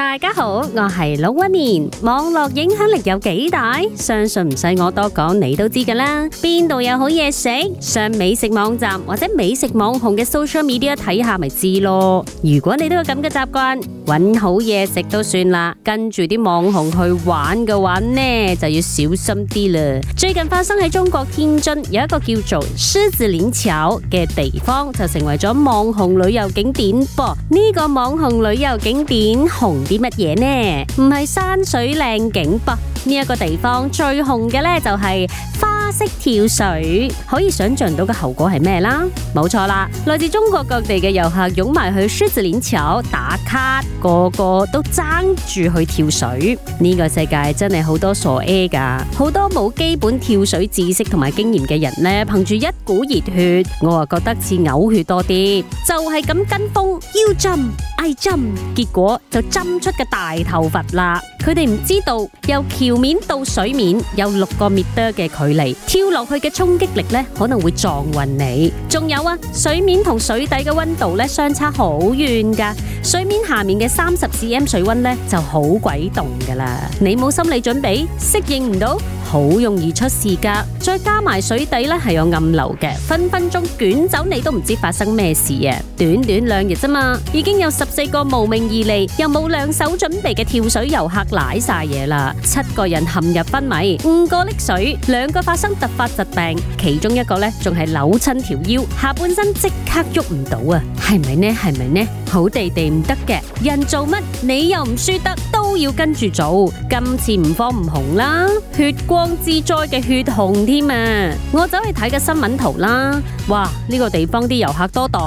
大家好，我係龍紋敏，網絡影響力有幾大？相信唔使我多講，你都知噶啦。邊度有好嘢食，上美食網站或者美食網紅嘅 social media 睇下咪知咯。如果你都有咁嘅習慣，揾好嘢食都算啦，跟住啲網紅去玩嘅話呢，就要小心啲啦。最近發生喺中國天津，有一個叫做獅子林橋嘅地方，就成為咗網紅旅遊景點噃。呢、這個網紅旅遊景點紅啲乜嘢呢？唔係山水靚景噃。呢一個地方最紅嘅呢，就係花式跳水，可以想象到嘅後果係咩啦？冇錯啦，來自中國各地嘅遊客湧埋去獅子林橋打卡，個個都爭住去跳水。呢個世界真係好多傻嘢噶，好多冇基本跳水知識同埋經驗嘅人呢，憑住一股熱血，我啊覺得似嘔血多啲，就係咁跟風要浸。I jump，結果就 jump 出嘅大頭佛啦。佢哋唔知道由橋面到水面有六個 meter 嘅距離，跳落去嘅衝擊力咧可能會撞暈你。仲有啊，水面同水底嘅溫度咧相差好遠噶，水面下面嘅三十四 m 水溫咧就好鬼凍噶啦。你冇心理準備，適應唔到，好容易出事噶。再加埋水底咧係有暗流嘅，分分鐘捲走你都唔知發生咩事啊！短短兩日咋嘛，已經有十四個慕名而嚟又冇兩手準備嘅跳水遊客。瀨晒嘢啦，七個人陷入昏迷，五個溺水，兩個發生突發疾病，其中一個呢仲係扭親條腰，下半身即刻喐唔到啊！係咪呢？係咪呢？好地地唔得嘅。人做乜，你又唔輸得？都要跟住做，今次唔慌唔紅啦，血光之災嘅血紅添啊！我走去睇個新聞圖啦，哇！呢、這個地方啲遊客多到，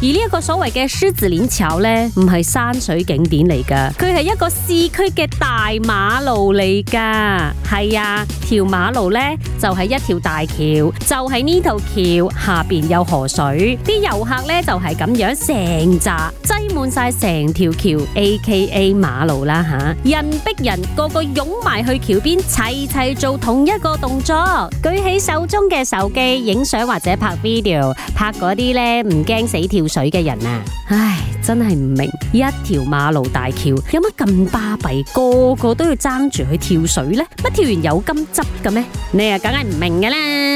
而呢一個所謂嘅獅子鏈橋咧，唔係山水景點嚟噶，佢係一個市區嘅大馬路嚟噶。係啊，條馬路呢就係、是、一條大橋，就係呢度橋下邊有河水，啲遊客呢就係、是、咁樣成紮擠滿晒成條橋，A K A 馬路。啦吓，人逼人，個個擁埋去橋邊，齊齊做同一個動作，舉起手中嘅手機影相或者拍 video，拍嗰啲咧唔驚死跳水嘅人啊！唉，真係唔明，一條馬路大橋有乜咁巴閉，個個都要爭住去跳水呢？乜跳完有金執嘅咩？你啊，梗係唔明嘅啦。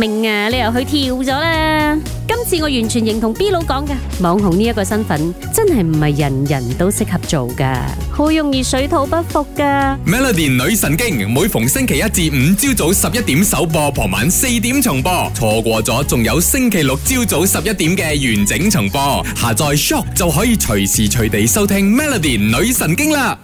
明啊，你又去跳咗啦！今次我完全認同 B 佬講噶，網紅呢一個身份真係唔係人人都適合做噶，好容易水土不服噶。Melody 女神經每逢星期一至五朝早十一點首播，傍晚四點重播，錯過咗仲有星期六朝早十一點嘅完整重播。下載 Shop 就可以隨時隨地收聽 Melody 女神經啦。